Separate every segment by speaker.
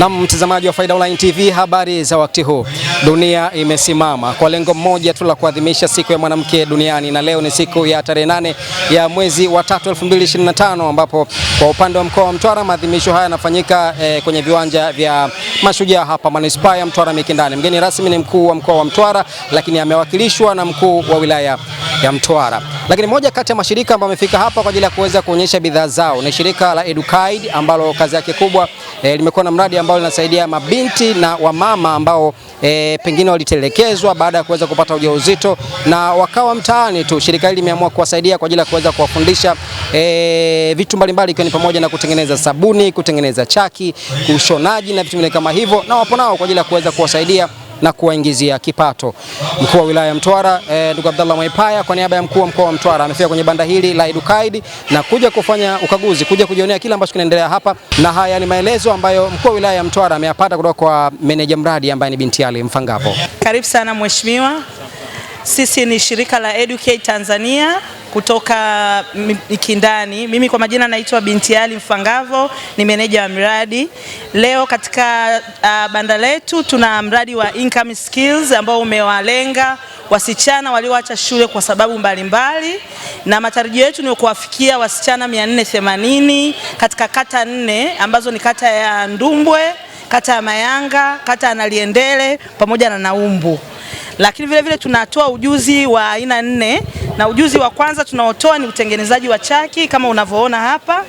Speaker 1: Na mtazamaji wa Faida Online TV, habari za wakati huu. Dunia imesimama kwa lengo moja tu la kuadhimisha siku ya mwanamke duniani, na leo ni siku ya tarehe nane ya mwezi wa tatu 2025, ambapo kwa upande wa mkoa wa Mtwara maadhimisho haya yanafanyika eh, kwenye viwanja vya Mashujaa hapa manispaa ya Mtwara Mikindani. Mgeni rasmi ni mkuu wa mkoa wa Mtwara, lakini amewakilishwa na mkuu wa wilaya ya Mtwara. Lakini moja kati ya mashirika ambayo amefika hapa kwa ajili ya kuweza kuonyesha bidhaa zao ni shirika la Edukaid ambalo kazi yake kubwa eh, limekuwa na mradi ambao linasaidia mabinti na wamama ambao eh, pengine walitelekezwa baada ya kuweza kupata ujauzito na wakawa mtaani tu. Shirika hili limeamua kuwasaidia kwa ajili ya kuweza kuwafundisha eh, vitu mbalimbali ikiwa ni pamoja na kutengeneza sabuni, kutengeneza chaki, ushonaji na vitu vingine kama hivyo, na wapo nao kwa ajili ya kuweza kuwasaidia na kuwaingizia kipato. Mkuu wa wilaya ya Mtwara eh, ndugu Abdallah Mwaipaya kwa niaba ya mkuu wa mkoa wa Mtwara amefika kwenye banda hili la Edukaid na kuja kufanya ukaguzi, kuja kujionea kile ambacho kinaendelea hapa, na haya ni maelezo ambayo mkuu wa wilaya ya Mtwara ameyapata kutoka kwa meneja mradi ambaye ni binti Ali Mfangapo.
Speaker 2: Karibu sana mheshimiwa. Sisi ni shirika la Educate Tanzania kutoka Mikindani. Mimi kwa majina naitwa Binti Ali Mfangavo, ni meneja wa miradi. Leo katika uh, banda letu tuna mradi wa income skills ambao umewalenga wasichana walioacha shule kwa sababu mbalimbali mbali, na matarajio yetu ni kuwafikia wasichana 480 katika kata nne ambazo ni kata ya Ndumbwe, kata ya Mayanga, kata ya Naliendele pamoja na Naumbu lakini vilevile tunatoa ujuzi wa aina nne, na ujuzi wa kwanza tunaotoa ni utengenezaji wa chaki kama unavyoona hapa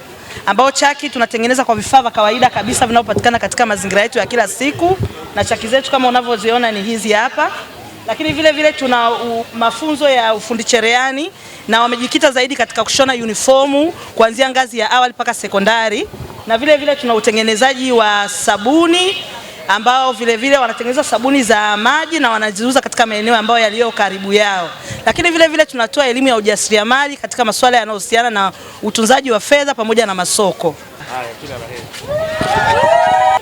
Speaker 2: ambao chaki tunatengeneza kwa vifaa vya kawaida kabisa vinavyopatikana katika mazingira yetu ya kila siku, na chaki zetu kama unavyoziona ni hizi hapa. Lakini vile vile tuna u, mafunzo ya ufundi cherehani na wamejikita zaidi katika kushona uniformu kuanzia ngazi ya awali mpaka sekondari, na vile vile tuna utengenezaji wa sabuni ambao vile vile wanatengeneza sabuni za maji na wanaziuza katika maeneo ambayo yaliyo karibu yao. Lakini vile vile tunatoa elimu ya ujasiriamali katika masuala yanayohusiana na utunzaji wa fedha pamoja na masoko.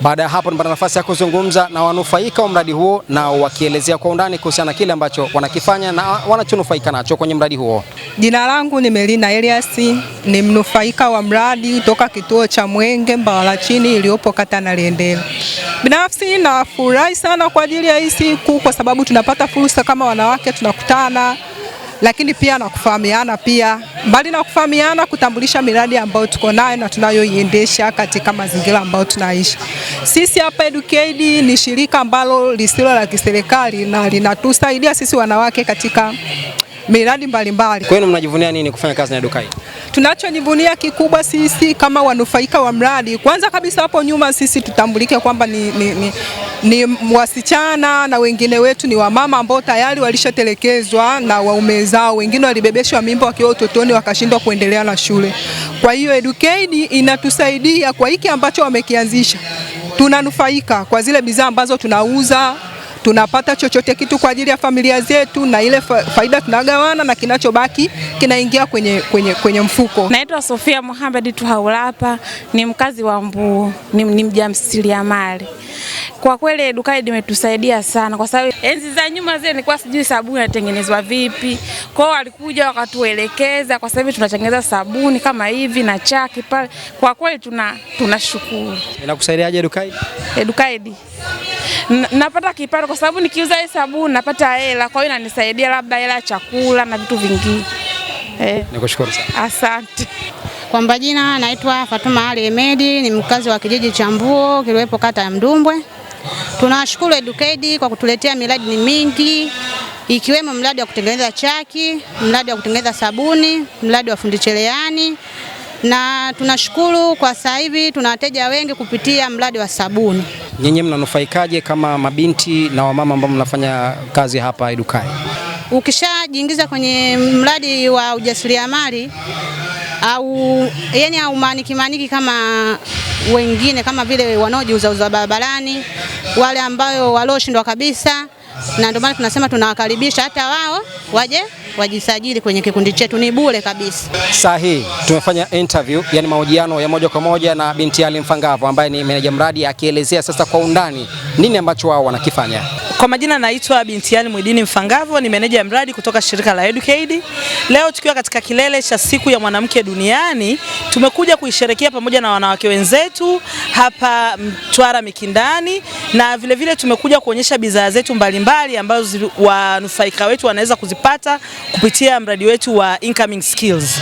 Speaker 1: Baada ya hapo nipata nafasi ya kuzungumza na wanufaika wa mradi huo, nao wakielezea kwa undani kuhusiana na kile ambacho wanakifanya na wanachonufaika nacho kwenye mradi huo.
Speaker 3: Jina langu ni Melina Elias, ni mnufaika wa mradi toka kituo cha Mwenge Mbawala chini iliyopo kata Naliendele. Binafsi nafurahi sana kwa ajili ya hii siku kwa sababu tunapata fursa kama wanawake tunakutana, lakini pia na kufahamiana, pia mbali na kufahamiana, kutambulisha miradi ambayo tuko nayo na tunayoiendesha katika mazingira ambayo tunaishi sisi. Hapa Educade ni shirika ambalo lisilo la kiserikali na linatusaidia sisi wanawake katika miradi mbalimbali.
Speaker 1: Kwenu mnajivunia nini kufanya kazi na Dukai?
Speaker 3: Tunachojivunia kikubwa sisi kama wanufaika wa mradi, kwanza kabisa, hapo nyuma sisi tutambulike kwamba ni, ni, ni, ni wasichana na wengine wetu ni wamama ambao tayari walishatelekezwa na waume zao, wengine walibebeshwa mimba wakiwa utotoni wakashindwa kuendelea na shule. Kwa hiyo Educaid inatusaidia kwa hiki ambacho wamekianzisha, tunanufaika kwa zile bidhaa ambazo tunauza tunapata chochote kitu kwa ajili ya familia zetu, na ile faida tunagawana na kinachobaki kinaingia kwenye, kwenye, kwenye mfuko.
Speaker 4: Naitwa Sofia Muhammad Tuhaulapa, ni mkazi wa Mbuu, ni, ni mjasiriamali. Kwa kweli duka hili limetusaidia sana, kwa sababu enzi za nyuma zile nilikuwa sijui sabuni inatengenezwa vipi, kwa hiyo walikuja wakatuelekeza. Kwa sababu hivi tunatengeneza sabuni kama hivi na chaki pale. Kwa kweli tuna tunashukuru.
Speaker 1: Inakusaidiaje duka
Speaker 4: hili? napata kipato kwa sababu nikiuza hii sabuni napata hela, kwa hiyo inanisaidia labda hela ya chakula na vitu vingine
Speaker 1: eh. Nikushukuru sana.
Speaker 4: Asante. Kwa majina naitwa Fatuma Ali Emedi, ni mkazi wa kijiji cha Mbuo kiliwepo kata ya Mdumbwe. Tunashukuru Educade kwa kutuletea miradi mingi ikiwemo mradi wa kutengeneza chaki, mradi wa kutengeneza sabuni, mradi wa fundi cherehani na tunashukuru kwa sasa hivi tuna wateja wengi kupitia mradi wa sabuni
Speaker 1: nyinyi mnanufaikaje kama mabinti na wamama ambao mnafanya kazi hapa Edukai?
Speaker 4: Ukishajiingiza kwenye mradi wa ujasiriamali au yani au maniki maniki kama wengine kama vile wanaojiuzauza barabarani, wale ambayo walioshindwa kabisa na ndio maana tunasema tunawakaribisha hata wao waje wajisajili kwenye kikundi chetu, ni bure kabisa.
Speaker 1: Saa hii tumefanya interview, yani mahojiano ya moja kwa moja na binti Ali Mfangavo ambaye ni meneja mradi, akielezea sasa kwa undani nini ambacho wao wanakifanya.
Speaker 2: Kwa majina naitwa binti Ali Mwidini Mfangavo, ni meneja ya mradi kutoka shirika la Educaid. Leo tukiwa katika kilele cha siku ya mwanamke duniani, tumekuja kuisherekea pamoja na wanawake wenzetu hapa Mtwara Mikindani na vilevile vile tumekuja kuonyesha bidhaa zetu mbalimbali ambazo wanufaika wetu wanaweza kuzipata kupitia mradi wetu wa Incoming Skills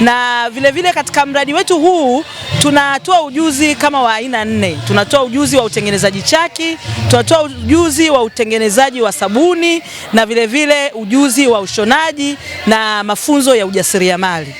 Speaker 2: na vilevile vile katika mradi wetu huu tunatoa ujuzi kama wa aina nne. Tunatoa ujuzi wa utengenezaji chaki, tunatoa ujuzi wa utengenezaji wa sabuni na vilevile vile ujuzi wa ushonaji na mafunzo ya ujasiriamali.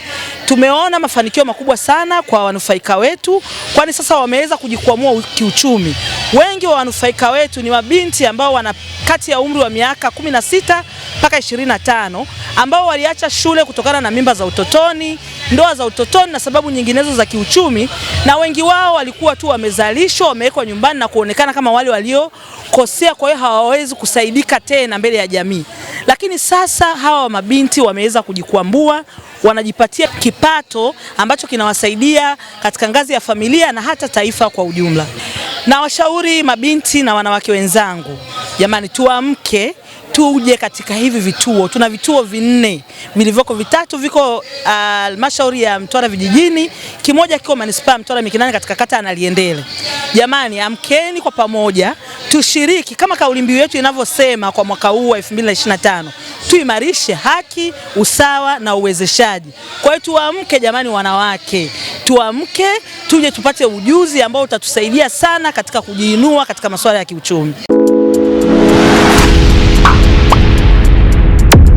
Speaker 2: Tumeona mafanikio makubwa sana kwa wanufaika wetu, kwani sasa wameweza kujikwamua kiuchumi. Wengi wa wanufaika wetu ni mabinti ambao wana kati ya umri wa miaka 16 mpaka 25 ambao waliacha shule kutokana na mimba za utotoni, ndoa za utotoni na sababu nyinginezo za kiuchumi, na wengi wao walikuwa tu wamezalishwa, wamewekwa nyumbani na kuonekana kama wale waliokosea, kwa hiyo hawawezi kusaidika tena mbele ya jamii. Lakini sasa hawa mabinti wameweza kujikwambua, wanajipatia kipato ambacho kinawasaidia katika ngazi ya familia na hata taifa kwa ujumla. Na washauri mabinti na wanawake wenzangu, jamani, tuamke tuje katika hivi vituo. Tuna vituo vinne vilivyoko, vitatu viko uh, halmashauri uh, ya Mtwara vijijini, kimoja kiko manispaa Mtwara Mikinani katika kata Naliendele. Jamani, amkeni kwa pamoja tushiriki kama kauli mbiu yetu inavyosema kwa mwaka huu wa 2025 tuimarishe haki, usawa na uwezeshaji. Kwa hiyo tuamke jamani, wanawake tuamke, tuje tupate ujuzi ambao utatusaidia sana katika kujiinua katika masuala ya kiuchumi.